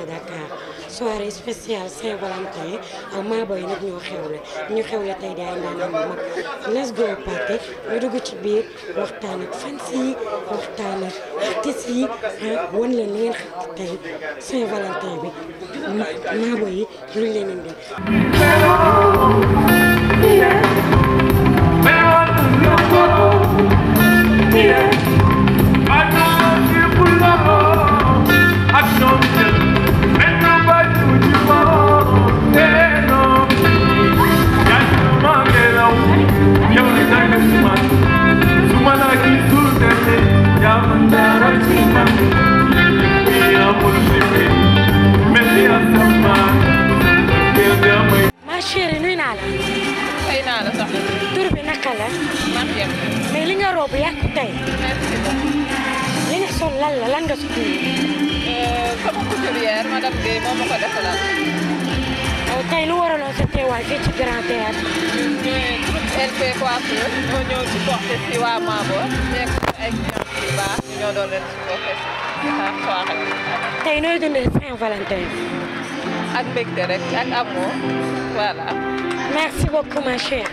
de Dakar soirée Saint-Valentin yi Maaboy nag ñoo xewle ñu xewle tey day ndaanaan bu mag let's go party ñu dugg ci biir waxtaan ak fans yi waxtaan ak artistes yi ah, wan leen li ngeen xam tey Saint-Valentin bi Maaboy yi ñu leen indi Avrupa Yakutay. yéen a sol lan la lan nga suñu. sama couturière madame Guèye moom moo ko defalal. tey lu waraloon sa teewaay fii ci Grand Théâtre. mais groupe LP Coiffure ñoo ñëw di porté si waa Mabor nekk ay clients yu baax ñoo doon leen supporté si saa soirée. tey nooy dundee Saint-Valentin. ak mbégte rek ak amour voilà. merci beaucoup ma chère.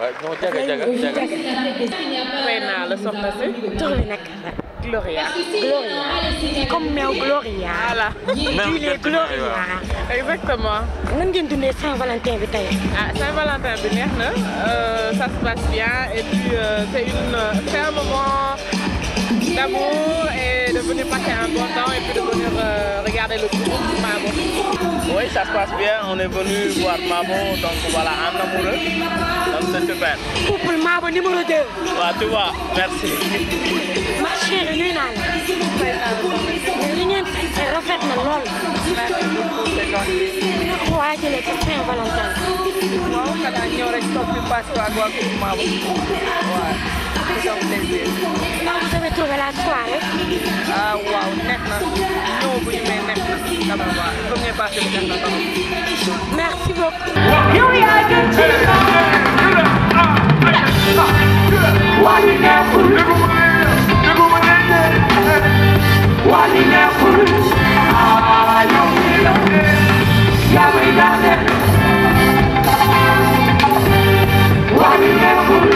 waaw non jaga jaga jaga. fay naa la soxna si. tur bi nag Gloria. Gloria comme meew Gloria. voilà Il est Gloria. exactement. nan ngeen donner Saint-Valentin bi tey. ah Saint-Valentin bi neex euh, ça se passe bien et puis euh, c'est une euh, c'est un moment d'amour venir passer un bon temps et puis de venir euh, regarder le groupe Mabon. Oui, ça se passe bien. On est venu voir Mabon. donc voilà, un amoureux. Donc c'est super. Couple Mabon numéro 2. Bah, tu vois, merci. Ma chérie, Nina, là. L'union peux refait dans l'ol. Merci beaucoup, c'est gentil. tu les très valentin cada you restopi passo a gua che ma Você Ah, Merci beaucoup. Here we are Thank you.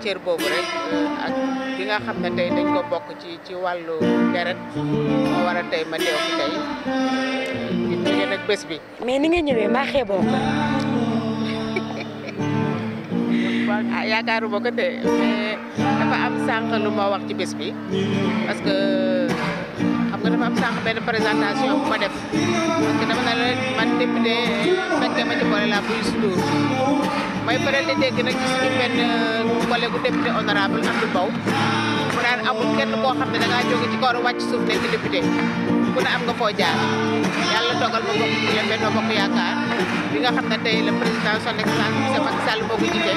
cër dengan rek ak bi nga xam ne tey dañ ko bokk ci ci wàllu deret ma di tëjee nag bés bi. mais ni nga ñëwee maa xeeboo ko. ah yaakaaruma ko de dafa am sànq lu ma wax ci bés bi parce que xam nga dafa am sànq benn présentation def parce que dama ma ci may faral di dégg nag ci suñu benn collègue député honorable Abdou Mbow mu naan amul kenn koo xam ne da ngaa jóge ci kaw wàcc suuf nekk député ku ne am nga foo jaar yàlla dogal ma bokk ci la benn bokk yaakaar bi nga xam ne tey la président son excellence monsieur Macky Sall moo ko jiite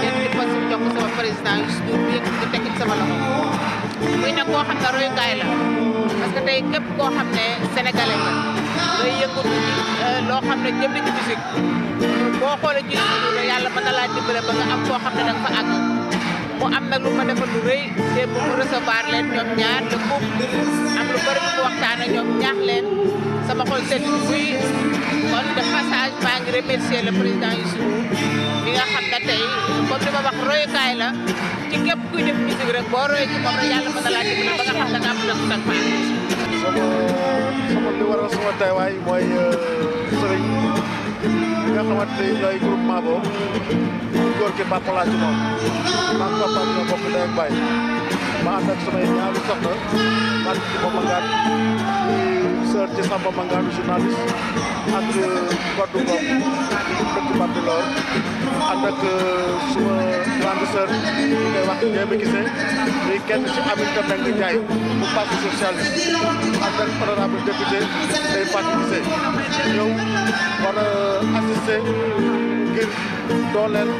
den di poste jox ko sama président Youssou Ndour muy nag koo xam ne royukaay la parce que tey képp koo xam ne sénégalais yëngatu ci euh, loo xam ne jëm na ci boo xoolee ci studio yàlla mën na laa dimbale ba nga am koo xam ne da fa àgg mu am na lu ma defal lu rëy te bu sa recevoir leen ñoom ñaar le couple am lu bëri mu waxtaanee ñoom ñaax leen sama xol sedd buy kon de passage maa ngi remercier le président Youssou mi nga xam ne tey comme li ma wax royukaay la ci képp kuy def musique rek boo royee ci moom yàlla mën na laa dimbale ba nga xam ne da nga am sama sama li waral sama teewaay mooy euh, sëriñ bi nga xamante ni ñooy groupement boobu góor gi Papa laa ci moom maa ngi toppatoo ñoo bokk ndey ak baay ma ànd ak samay ñaari soxna man ci moom ak professeur ci a Mangane journaliste ak Godou Ngom dëkk Bambilor ànd ak euh, suma grande sœur ñu koy wax Ndéba Guissé di kenn ci Aminata Mbengue Ndiaye bu parti socialiste ànd ak honorable député Ndeye Fatou Guissé ñëw war a assister ngir dooleel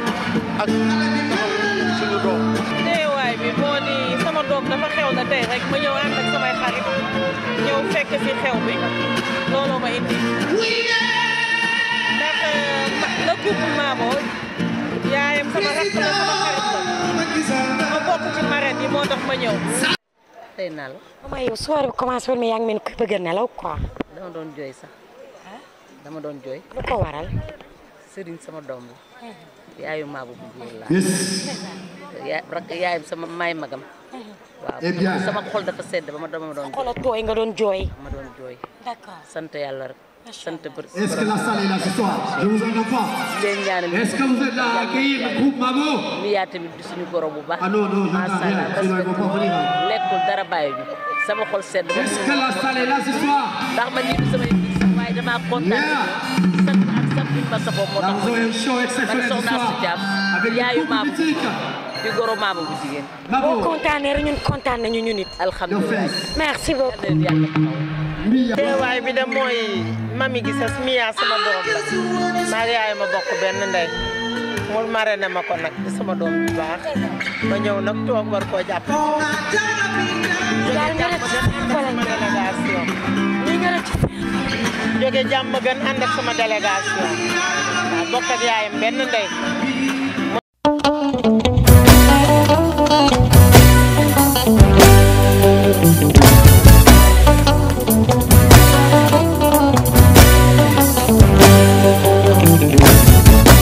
ak taxaw suñu bi moo di sama doom dafa xew la tey rek ma ñëw ànd samay xarit ñëw fekk ci xew bi looloo ma indi ndax euh, le couple yaayam sama rakk sama xarit la ma bokk ci marraine yaa ngi mel kuy bëgg a nelaw quoi dama doon jooy sax dama doon jooy lu ko waral Serigne sama doom la yaayu Mabo bu góor laa ya rakk yaayam sama maay magam. Eh, waaw sama xol dafa sedd ba ma doon doon. sa xol tooy nga doon jooy. ma doon jooy. d'accord sant yàlla rek. sant bër. est-ce que la salle est là ce soir. je vous entends pas. leen ñaanal est-ce que vous êtes là à accueillir le groupe Mabo. ñu yaa tamit di suñu goro bu baax. ah non non lekkul dara bàyyi ñu sama xol sedd. est-ce que la salle est là ce soir. ndax ma ñibbi sama yëngu sax waaye damaa kontaan. sant ak sant bi ma sa bopp moo tax ma ñëw. la raison est chaude exceptionnelle ce soir. avec une coupe mythique. boo kontaanee ñun kontaan nañu ñun it. alhamdulilah merci beaucoup. teewaay bi de mooy mami gi sas miyaa sama doom la maa yaay bokk benn ndey mu mare na ma ko nag di sama doom bu baax ma ñëw nag toog war koo jàpp. jóge jàmm gën ànd sama délégation waaw bokk yaayam benn ndey.